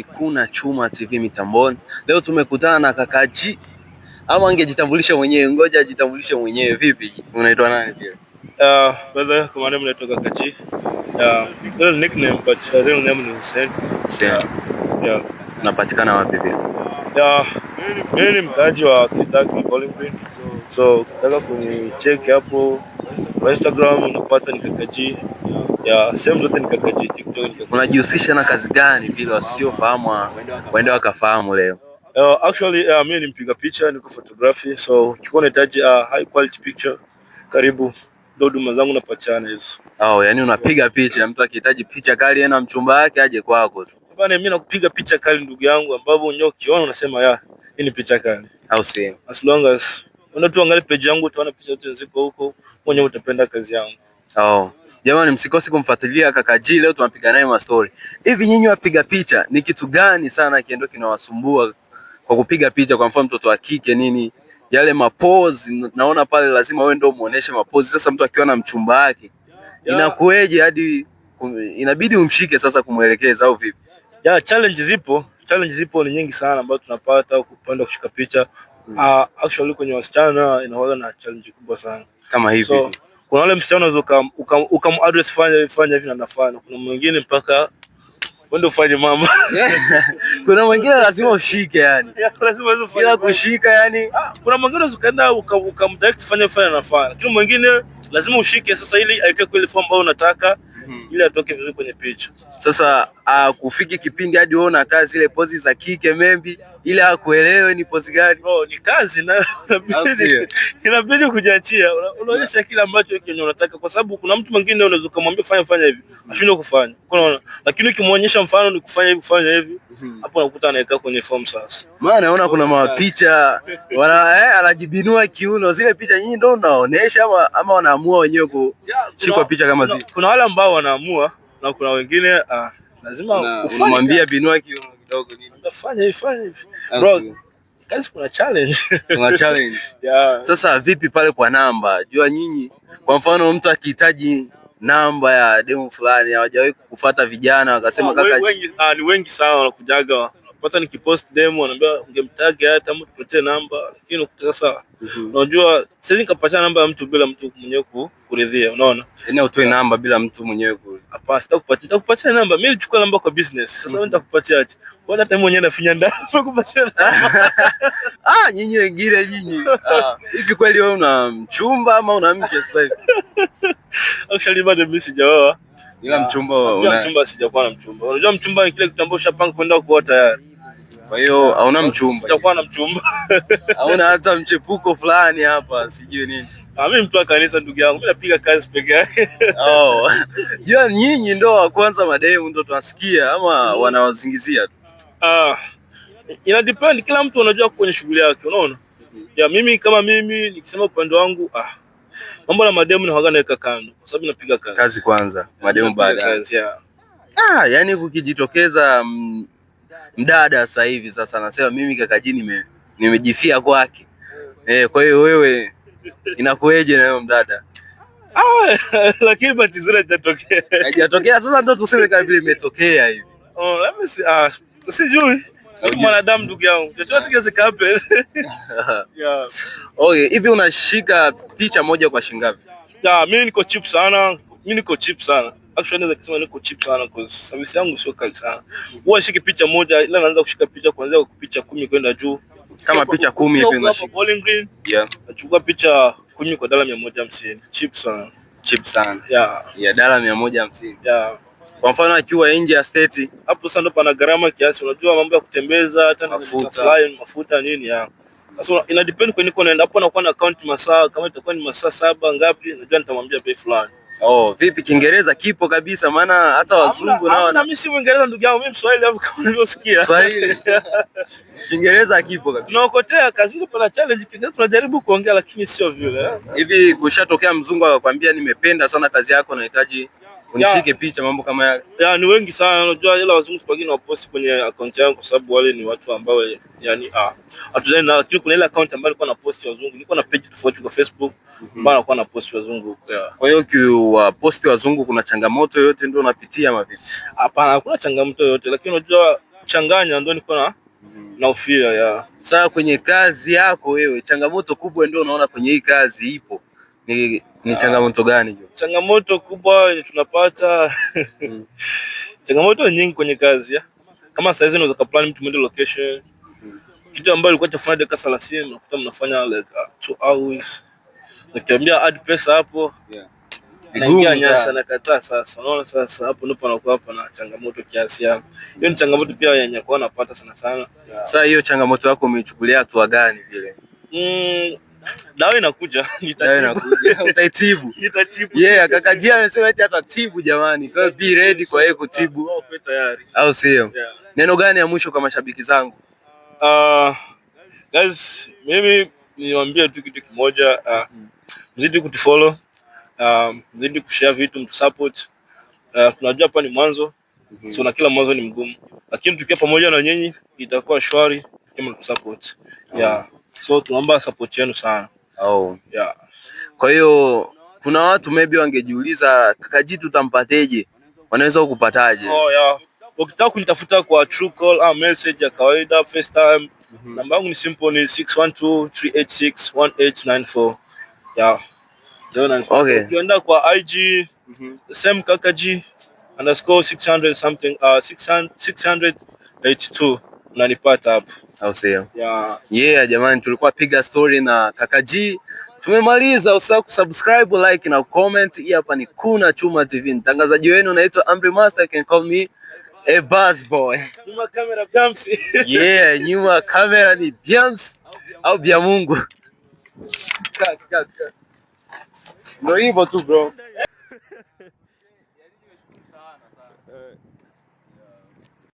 ni Kuna Chuma TV mitamboni. Leo tumekutana na kaka G, ama angejitambulisha mwenyewe. Ngoja ajitambulishe mwenyewe. Vipi, unaitwa nani pia? Uh, brother, kwa maana mnaitwa kaka G. Uh, ah, real nickname but uh, real name ni Hussein. Hussein. Uh, yeah. Napatikana wapi pia? Yeah. Mimi ni mkaji wa Kitaki Bowling Green. So, ukitaka kunicheki hapo kwa Instagram unapata ni kaka G ya sehemu zote nikakaji TikTok. Unajihusisha na kazi gani vile wasiofahamu waende wakafahamu leo? Uh, actually uh, mimi ni mpiga picha, niko photography, so ukiwa unahitaji uh, high quality picture, karibu ndo huduma zangu napatiana hizo. Oh, yani unapiga picha, mtu akihitaji picha kali na mchumba wake aje kwako tu. Bana, mimi nakupiga picha kali ndugu yangu, ambapo ukiona unasema ya hii ni picha kali, au si? As long as unatuangalia page yangu utaona picha zote ziko huko, mwenyewe utapenda kazi yangu. Oh. Jamani msikose kumfuatilia kaka G, leo tunapiga naye ma story. Hivi nyinyi wapiga picha ni kitu gani sana kiendo kinawasumbua kwa kupiga picha, kwa mfano mtoto wa kike nini? Yale mapozi naona pale lazima wewe ndio muoneshe mapozi. Sasa mtu akiwa na mchumba wake inakuweje hadi inabidi umshike sasa kumwelekeza au vipi? Ya, challenge zipo, challenge zipo ni nyingi sana ambazo tunapata upande wa kushika picha. Hmm. Uh, actually kwenye wasichana inaona na challenge kubwa sana. Kama hivi. So, kuna wale msichana unaweza address fanya fanya hivi na nafanya, kuna mwingine mpaka wende ufanye mama kuna mwingine lazima ushike yani, bila kushika yani, ah, kuna mwingine ukaenda ukamdirect fanya fanya nafanya, lakini mwingine lazima ushike sasa, ili aweke kweli form ambayo unataka, mhm. ili atoke vizuri kwenye picha. Sasa uh, kufiki kipindi hadi wewe unakaa zile pozi za kike membi, ile akuelewe ni pozi gani? Bro, oh, ni kazi na inabidi kujiachia, unaonyesha kile ambacho kenye unataka, kwa sababu kuna mtu mwingine unaweza kumwambia fanya fanya hivi ashindwe kufanya, unaona. Lakini ukimwonyesha mfano ni kufanya hivi fanya hivi, mhm. hapo unakuta anaweka kwenye form. Sasa maana naona kuna mapicha wana eh, anajibinua kiuno, zile picha nyingi ndio unaonyesha ama, ama wanaamua wenyewe kuchukua picha kama zile? Kuna wale ambao wanaamua na kuna wengine ah, lazima unamwambia binua kiuno kidogo nini, utafanya hivi fanya hivi ah, bro, kazi kuna challenge kuna challenge yeah. Sasa vipi pale kwa namba, jua nyinyi, kwa mfano mtu akihitaji namba ya demu fulani, hawajawahi kufuata vijana wakasema ah, kaka, wengi, ah, ni wengi sana wanakujaga hata nikipost demo anambia ungemtagi hata mtu tupatie namba, lakini ukuta sasa, mhm. unajua siwezi nikapatia namba ya mtu bila mtu mwenyewe kuridhia, unaona, yaani utoe namba bila mtu mwenyewe ku hapa. Sitakupatia, nitakupatia namba mimi, nilichukua namba kwa business. Sasa wewe mhm. nitakupatia aje? Bwana hata mwenyewe nafinya ndani kupatia namba. Ah, nyinyi wengine nyinyi, ah, hivi kweli wewe una mchumba ama una mke sasa hivi? Actually bado mimi sijaoa, ila ah, mchumba una mchumba, sijakuwa na mchumba. Unajua mchumba ni kile kitu ambacho ushapanga kwenda kuoa tayari kwa hiyo hauna mchumba. Sitakuwa na mchumba. Hauna hata mchepuko fulani hapa, sijui nini. Ah, mimi mtu wa kanisa ndugu yangu, mimi napiga kazi peke yake. Oh. Jua nyinyi ndio wa kwanza mademu ndio tunasikia ama wanawazingizia tu. Ah. Ina depend kila mtu anajua kwenye shughuli yake, unaona? Ya mimi kama mimi nikisema upande wangu ah, mambo na mademu ni hawaga naweka kando kwa sababu napiga kazi. Kazi kwanza, mademu baadaye. Kazi ya. Ah, yani kukijitokeza mm, mdada sasa hivi, sasa anasema mimi kaka Jini nimejifia nime nimejifia kwake. Eh, kwa hiyo wewe inakueje na wewe mdada? Ah, lakini bahati nzuri haijatokea. Haijatokea sasa ndio tuseme kama vile imetokea hivi. Oh, let me see. Ah, sijui. Mwanadamu ndugu yangu. Chochote kile kikape. Yeah. Okay, hivi unashika picha moja kwa shilingi ngapi? Ah, mimi niko cheap sana. Mimi niko cheap sana actually naweza kusema niko cheap sana cause service yangu sio kali sana. Huwa shiki picha moja, ila naanza kushika picha kuanzia picha kumi kwenda juu, kama picha kumi hivi Bowling Green, yeah, nachukua picha kumi kwa dola mia moja Cheap sana, cheap sana, yeah, dola yeah. Kwa mfano akiwa nje ya state hapo sasa ndo pana gharama kiasi, unajua mambo ya kutembeza, hata mafuta, mafuta nini ya sasa ina depend kwa niko naenda hapo, nakuwa na account masaa, kama itakuwa ni masaa saba ngapi, najua nitamwambia bei fulani Oh, vipi Kiingereza kipo kabisa maana hata wazungu nao Na Mimi si Mwingereza ndugu yangu, mimi Mswahili hapo kama unavyosikia. Swahili. Kiingereza kipo kabisa. Tunaokotea kazini pana challenge Kiingereza tunajaribu kuongea lakini sio vile. Eh. Hivi kushatokea mzungu akakwambia nimependa sana kazi yako nahitaji unishike picha, mambo kama yale. Ya ni wengi sana unajua, ila wazungu kwa kina wapost kwenye account yangu, kwa sababu wale ni watu ambao yani ah na, lakini kuna ile account ambayo ilikuwa na post wazungu, nilikuwa na page tofauti kwa Facebook mhm. ambayo nilikuwa na post wazungu. Kwa hiyo kwa post wazungu kuna changamoto yoyote ndio unapitia mapi? Hapana, hakuna changamoto yoyote, lakini unajua kuchanganya ndio nilikuwa na mhm. na ufia ya. Sasa kwenye kazi yako wewe, changamoto kubwa ndio unaona kwenye hii kazi ipo? ni, ni changamoto gani hiyo? Changamoto kubwa yenye tunapata mm. changamoto nyingi kwenye kazi ya. Kama saizi unaweza ka plan mtu mwende location mm. kitu ambayo ilikuwa tafanya dakika 30 unakuta mnafanya like 2 uh, hours, nikiambia add pesa hapo yeah. Nakataa sasa, unaona sasa, hapo ndipo anakuwa hapo na changamoto kiasi ya. Hiyo ni changamoto pia yenye kwa napata sana sana. Yeah. Sasa hiyo changamoto yako umeichukulia hatua gani vile? mm. dawa inakuja, utaitibu. Yeah, kaka Jia amesema eti atatibu jamani, kwa be ready kwa yeye kutibu, oh, au sio? Neno gani ya mwisho kwa mashabiki zangu? Uh, guys, mimi niwaambie tu kitu kimoja uh, mm. mzidi kutufollow uh, mzidi kushare vitu mtusupport. Uh, tunajua hapa ni mwanzo mm -hmm. So na kila mwanzo ni mgumu, lakini tukiwa pamoja na nyinyi itakuwa shwari kama mtusupport. Mm. Yeah so tunaomba support yenu sana. Oh. Yeah. Kwa hiyo kuna watu maybe wangejiuliza kaka G tutampateje? Wanaweza kukupataje? Oh, yeah. Ukitaka kunitafuta kwa true call au ah, message ya kawaida first time, mm -hmm. namba yangu ni simple ni 6123861894. Yeah. Okay. Ukienda kwa IG mm -hmm. Same kaka G underscore 600 something uh, 600, 682 unanipata hapo au sio? Yeah. Yeah, jamani tulikuwa piga story na kaka G. Tumemaliza, usahau kusubscribe, like na comment. Hii hapa ni Kuna Chuma TV. Mtangazaji wenu naitwa Amri Master, you can call me a buzz boy. Nyuma kamera Biams. Yeah, nyuma kamera ni Biams au Bia Mungu. Ndio hivyo tu bro.